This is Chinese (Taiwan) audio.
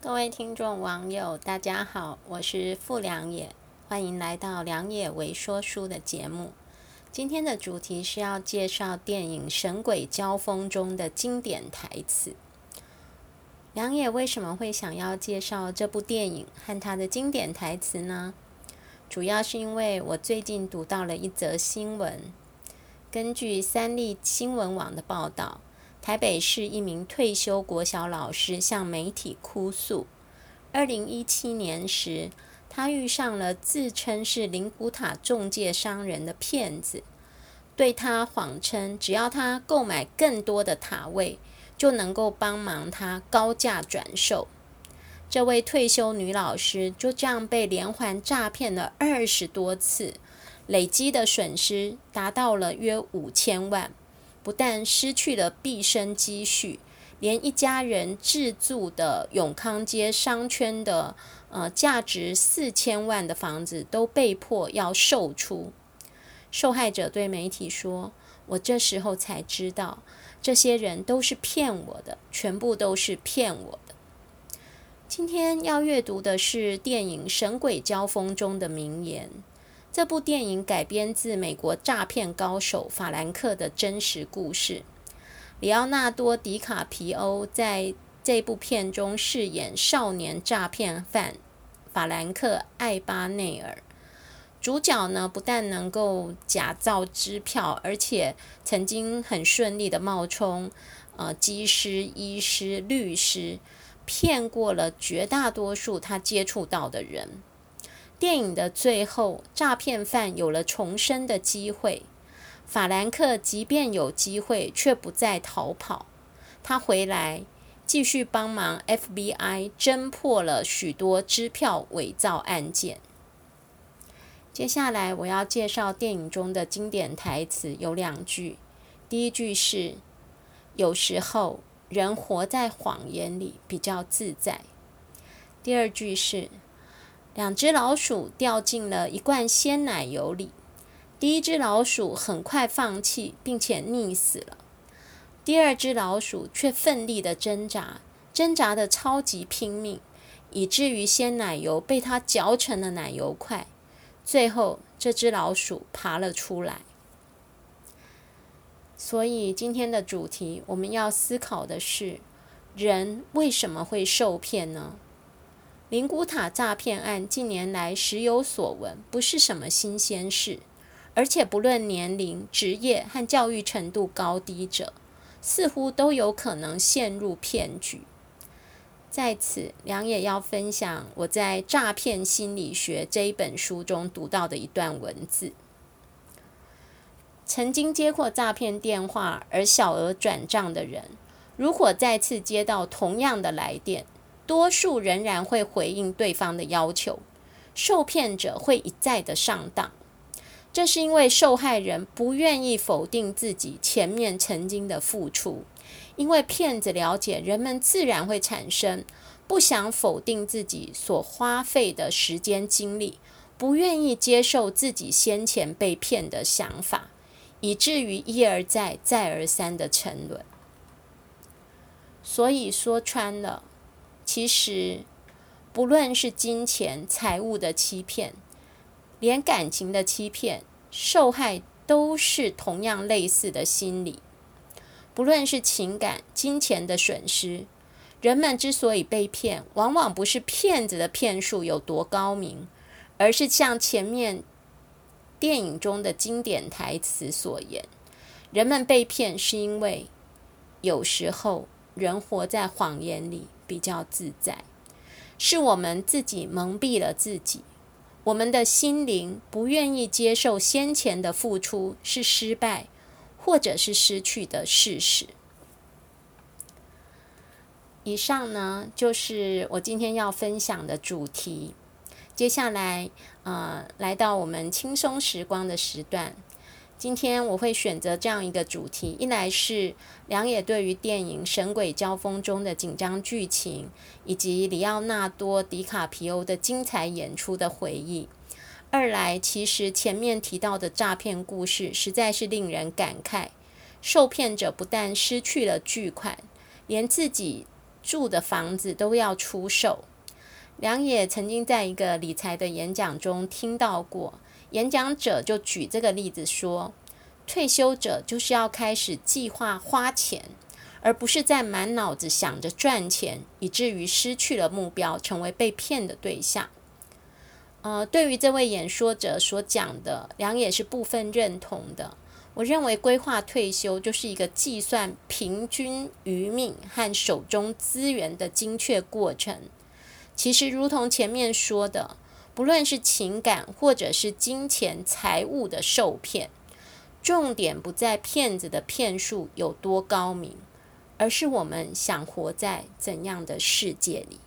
各位聽眾網友，大家好，我是傅良也，歡迎來到良也微說書的節目。今天的主題是要介紹電影《神鬼交鋒》中的經典台詞。良也為什麼會想要介紹這部電影和它的經典台詞呢？主要是因為我最近讀到了一則新聞，根據三立新聞網的報道。台北市一名退休國小老師向媒體哭訴，二零一七年時，他遇上了自稱是靈骨塔仲介商人的騙子，對他謊稱只要他購買更多的塔位，就能夠幫忙他高價轉售。這位退休女老師就這樣被連環詐騙了二十多次，累積的損失達到了約五千萬。不但失去了畢生積蓄，連一家人自住的永康街商圈的呃價值四千萬的房子都被迫要售出。受害者對媒體說：“我這時候才知道，這些人都是騙我的，全部都是騙我的。”今天要閱讀的是電影《神鬼交鋒》中的名言。這部電影改編自美國詐騙高手法蘭克的真實故事。李奧納多·狄卡皮歐在這部片中飾演少年詐騙犯法蘭克·艾巴內爾。主角呢，不但能夠假造支票，而且曾經很順利的冒充呃，機師、醫師、律師，騙過了絕大多數他接觸到的人。電影的最後，詐騙犯有了重生的機會。法蘭克即便有機會，却不再逃跑。他回來繼續幫忙 FBI 偵破了許多支票偽造案件。接下來我要介紹電影中的經典台詞，有兩句。第一句是：“有時候人活在謊言裡比較自在。”第二句是。兩隻老鼠掉進了一罐鮮奶油裡，第一隻老鼠很快放棄，並且溺死了。第二隻老鼠卻奮力地掙扎，掙扎得超級拼命，以至於鮮奶油被它攪成了奶油塊。最後，這隻老鼠爬了出來。所以，今天的主題我們要思考的是：人為什麼會受騙呢？靈骨塔詐騙案近年來時有所聞，不是什麼新鮮事。而且不論年齡、職業和教育程度高低者，似乎都有可能陷入騙局。在此，良也要分享我在《詐騙心理學》這一本書中讀到的一段文字：曾經接過詐騙電話而小額轉賬的人，如果再次接到同樣的來電，多數仍然會回應對方的要求，受騙者會一再的上當，這是因為受害人不願意否定自己前面曾經的付出，因為騙子了解人們自然會產生不想否定自己所花費的時間精力，不願意接受自己先前被騙的想法，以至於一而再再而三的沉淪。所以說穿了。其實，不論是金錢、財物的欺騙，連感情的欺騙，受害都是同樣類似的心理。不論是情感、金錢的損失，人們之所以被騙，往往不是騙子的騙術有多高明，而是像前面電影中的經典台詞所言，人們被騙是因為有時候人活在謊言裡，比較自在，是我們自己蒙蔽了自己，我們的心靈不願意接受先前的付出是失敗，或者是失去的事實。以上呢，就是我今天要分享的主題。接下來，呃，來到我們輕鬆時光的時段。今天我會選擇這樣一個主題，一來是良也對於電影《神鬼交鋒》中的緊張劇情，以及李奧納多·狄卡皮歐的精彩演出的回憶；二來，其實前面提到的詐騙故事實在是令人感慨，受騙者不但失去了鉅款，連自己住的房子都要出售。良也曾經在一個理財的演講中聽到過。演講者就舉這個例子說，退休者就是要開始計劃花錢，而不是在滿腦子想着賺錢，以至於失去了目標，成為被騙的對象。呃，對於這位演說者所講的，良也是部分認同的。我認為規劃退休就是一個計算平均餘命和手中資源的精確過程。其實，如同前面說的。不論是情感或者是金錢、財物的受騙，重點不在騙子的騙術有多高明，而是我們想活在怎樣的世界裡。